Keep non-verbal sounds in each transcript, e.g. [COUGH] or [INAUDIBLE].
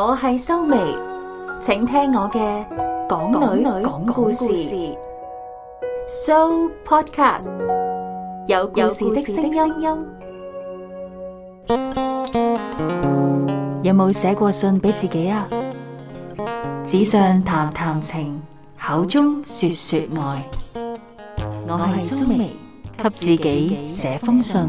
我係蘇眉，請聽我嘅講女女講故事。Show Podcast 有故事的聲音。有冇寫過信俾自己啊？紙上談談情，口中說說愛。我係蘇眉，給自己寫封信。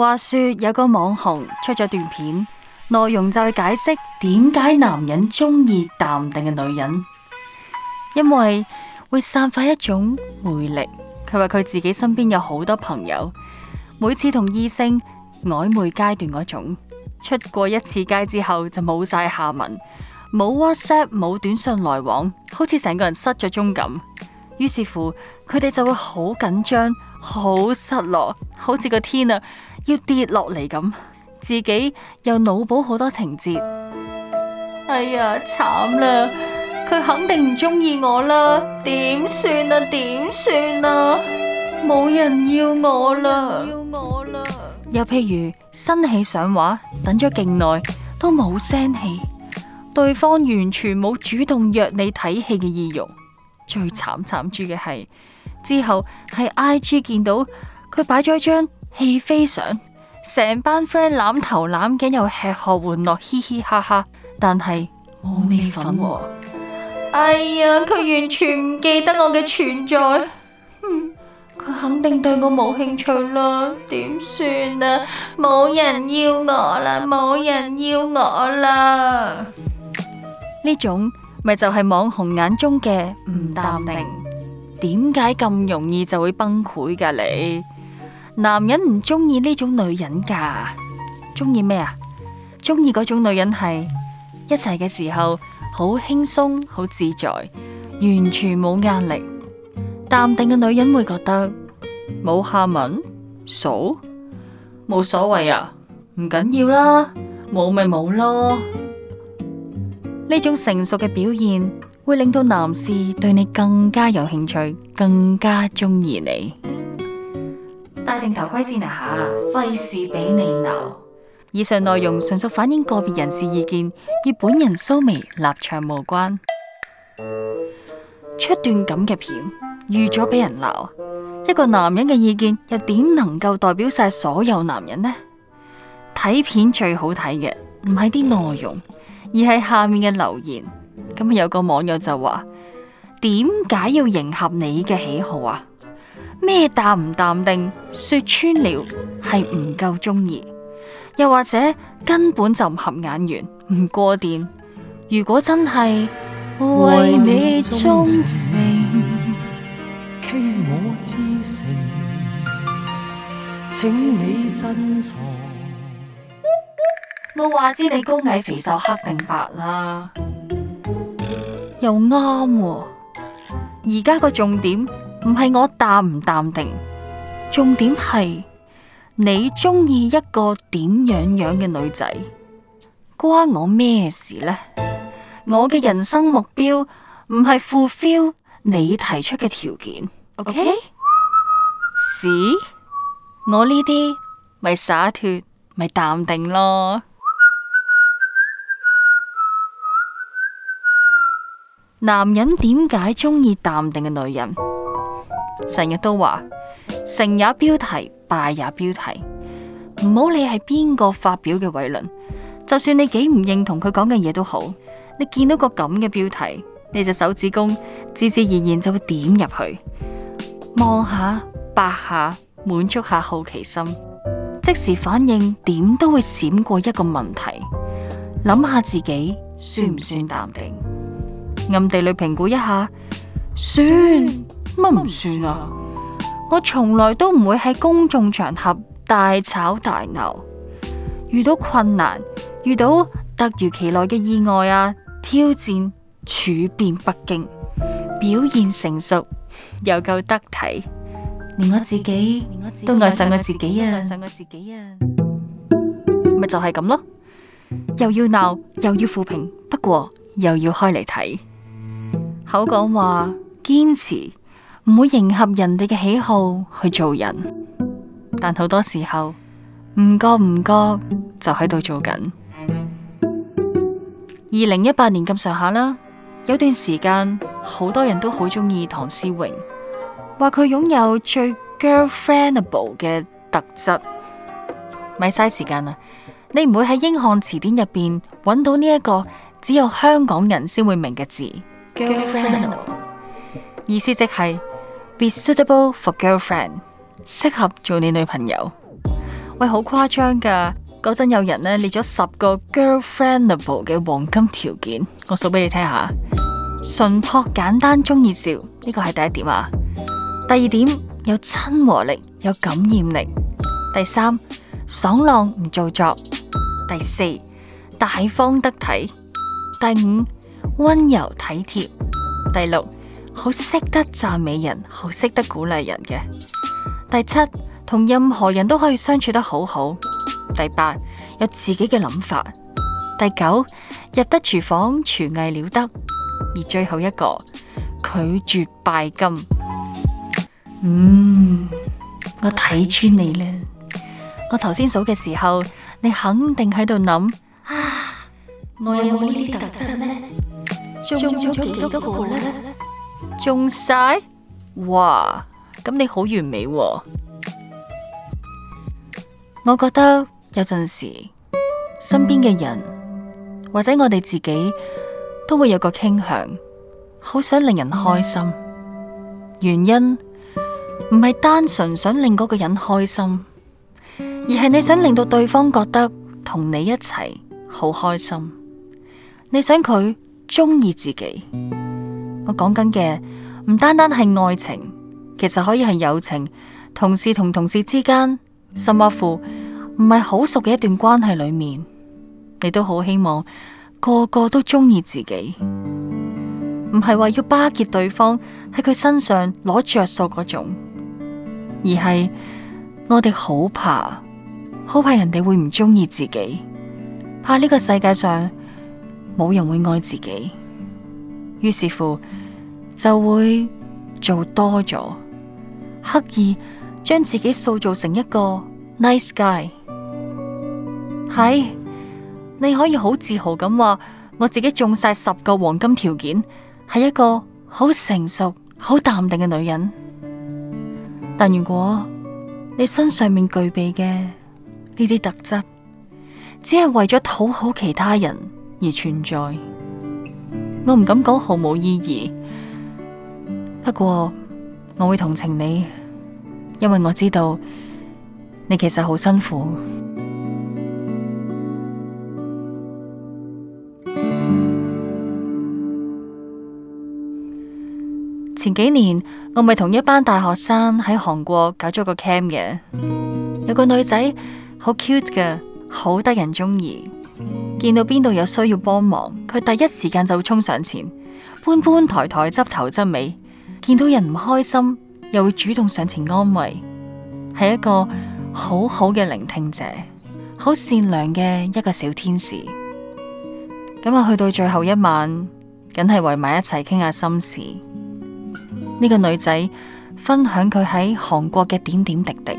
話說有個網紅出咗段片，內容就係解釋點解男人中意淡定嘅女人，因為會散發一種魅力。佢話佢自己身邊有好多朋友，每次同異性曖昧階段嗰種，出過一次街之後就冇晒下文，冇 WhatsApp，冇短信來往，好似成個人失咗蹤咁。於是乎，佢哋就會好緊張，好失落，好似個天啊，要跌落嚟咁，自己又腦補好多情節。哎呀，慘啦！佢肯定唔中意我啦，點算啊？點算啊？冇人要我啦，要我啦！又譬如新戲上畫，等咗勁耐都冇聲氣，對方完全冇主動約你睇戲嘅意欲。最慘慘豬嘅係之後喺 IG 見到佢擺咗張。氣非常，成班 friend 攬頭攬頸，又吃喝玩樂，嘻嘻哈哈。但係冇你份喎！哎呀，佢完全唔記得我嘅存在。哼、嗯，佢肯定對我冇興趣啦。點算啊？冇人要我啦，冇人要我啦。呢種咪就係網紅眼中嘅唔淡定。點解咁容易就會崩潰㗎？你？男人唔中意呢種女人噶，中意咩啊？中意嗰種女人係一齊嘅時候好輕鬆、好自在，完全冇壓力。淡定嘅女人會覺得冇下文、傻，冇所謂啊，唔緊要啦，冇咪冇咯。呢種成熟嘅表現會令到男士對你更加有興趣，更加中意你。戴定頭盔先啊，吓，費事俾你鬧。以上內容純屬反映個別人士意見，與本人蘇眉立場無關。 [NOISE] 出段咁嘅片，預咗俾人鬧。一個男人嘅意見又點能夠代表晒所有男人呢？睇片最好睇嘅唔係啲內容，而係下面嘅留言。咁有個網友就話：點解要迎合你嘅喜好啊？咩淡唔淡定，說穿了係唔夠鍾意，又或者根本就唔合眼緣，唔過電。如果真係為你鍾情，傾我至誠，請你珍藏，我話知你高矮肥瘦黑定白啦，又啱喎。而家個重點。唔係我淡唔淡定，重點係你中意一個點樣樣嘅女仔，關我咩事呢？我嘅人生目標唔係 fulfil 你提出嘅條件，OK？屎！我呢啲咪灑脫，咪淡定咯。男人點解中意淡定嘅女人？成日都話成也標題，敗也標題，唔好理係邊個發表嘅偉論，就算你幾唔認同佢講嘅嘢都好，你見到個咁嘅標題，你隻手指公自自然然就會點入去，望下、白下，滿足下好奇心，即時反應點都會閃過一個問題，諗下自己算唔算淡定？暗地裏評估一下，算、算.乜唔算啊？ [MUSIC] 我從來都唔會喺公眾場合大吵大鬧，遇到困難，遇到突如其來嘅意外啊，挑戰處變不驚，表現成熟又夠得體，連我自己都愛上我自己啊！咪、啊、就係咁咯，又要鬧又要負評，不過又要開嚟睇口講話，堅持。唔會迎合人哋嘅喜好去做人，但好多時候唔覺唔覺就喺度做緊。二零一八年咁上下啦，有段時間好多人都好中意唐詩詠，話佢擁有最 girlfriendable 嘅特質，咪嘥時間啦！你唔會喺英漢詞典入邊揾到呢一個只有香港人先會明嘅字，girlfriendable，意思即係。Be suitable for girlfriend，適合做你女朋友。喂，好誇張㗎！嗰陣有人呢，列咗十個 girlfriendable 嘅黃金條件，我數俾你睇下。純樸簡單，中意笑，呢個係第一點啊。第二點，有親和力，有感染力。第三，爽朗唔做作。第四，大方得體。第五，溫柔體貼。第六。好識得讚美人，好識得鼓勵人嘅。第七，同任何人都可以相處得好好。第八，有自己嘅諗法。第九，入得廚房，廚藝了得。而最後一個，拒絕拜金。嗯，我睇穿你啦。我頭先數嘅時候，你肯定喺度諗啊，我有冇呢啲特質呢？中咗幾多個啦？中晒哇！咁你好完美喎，啊。我覺得有陣時，身邊嘅人或者我哋自己都會有個傾向，好想令人開心。原因唔係單純想令嗰個人開心，而係你想令到對方覺得同你一齊好開心。你想佢中意自己。我講緊嘅唔單單係愛情，其實可以係友情、同事同同事之間，甚或乎唔係好熟嘅一段關係裏面，你都好希望個個都中意自己，唔係話要巴結對方喺佢身上攞着着數嗰種，而係我哋好怕，好怕人哋會唔中意自己，怕呢個世界上冇人會愛自己，於是乎。就會做多咗，刻意將自己塑造成一個 nice guy，係你可以好自豪咁話，我自己中晒十個黃金條件，係一個好成熟、好淡定嘅女人。但如果你身上面具備嘅呢啲特質，只係為咗討好其他人而存在，我唔敢講毫無意義。不過我會同情你，因為我知道你其實好辛苦。 [MUSIC] 前幾年我咪同一班大學生喺韓國搞咗個 camp 嘅，有個女仔好 cute 嘅，好得人中意。見到邊度有需要幫忙，佢第一時間就會衝上前搬搬抬抬，抬，執頭執尾。抬見到人唔開心，又會主動上前安慰，係一個好好嘅聆聽者，好善良嘅一個小天使。咁啊，去到最後一晚，梗係圍埋一齊傾下心事。呢個女仔分享佢喺韓國嘅點點滴滴，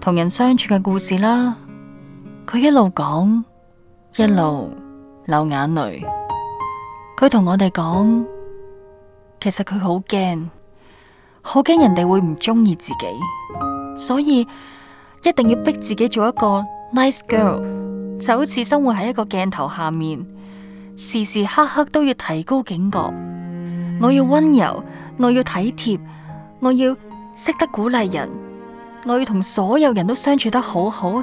同人相處嘅故事啦。佢一路講，一路流眼淚。佢同我哋講。其實佢好驚，好驚人哋會唔中意自己，所以一定要逼自己做一個 nice girl，就好似生活喺一個鏡頭下面，時時刻刻都要提高警覺。我要温柔，我要體貼，我要識得鼓勵人，我要同所有人都相處得好好，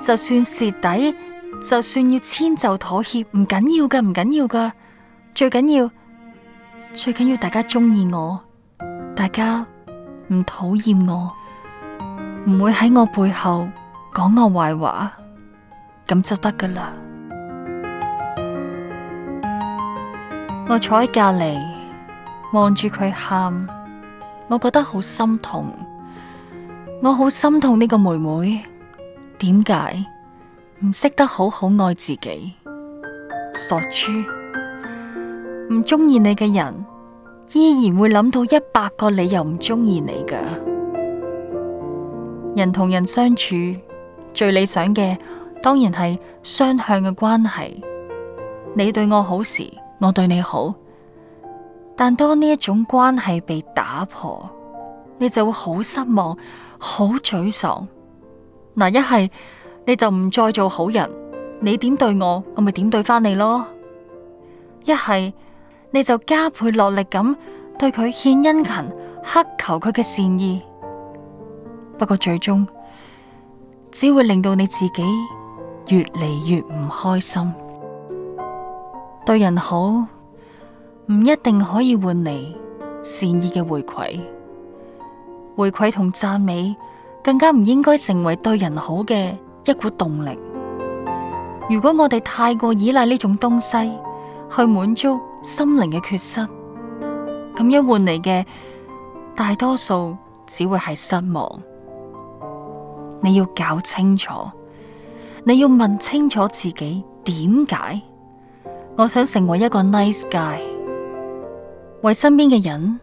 就算蝕底，就算要遷就妥協，唔緊要噶，唔緊要噶，最緊要。最緊要大家鍾意我，大家唔討厭我，唔會喺我背後講我壞話，咁就得㗎喇。 [MUSIC] 我坐喺隔籬望住佢喊，我覺得好心痛，我好心痛呢個妹妹，點解唔識得好好愛自己，傻豬！唔中意你嘅人，依然會諗到一百個理由唔中意你㗎。人同人相處最理想嘅，當然係雙向嘅關係。你對我好時，我對你好。但當呢一種關係被打破，你就會好失望、好沮喪。嗱，一係你就唔再做好人，你點對我，我咪點對翻你咯。一係。你就加倍落力咁對佢獻殷勤，乞求佢嘅善意。不過最終，只會令到你自己越嚟越唔開心。對人好，唔一定可以換嚟善意嘅回饋，回饋同讚美更加唔應該成為對人好嘅一股動力。如果我哋太過依賴呢種東西，去滿足。心靈嘅缺失，咁樣換嚟嘅大多數只會係失望。你要搞清楚，你要問清楚自己，點解我想成為一個 nice guy？為身邊嘅人，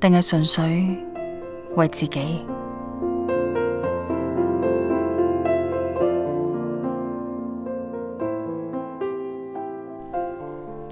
定係純粹為自己？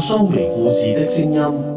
收尾故事的聲音。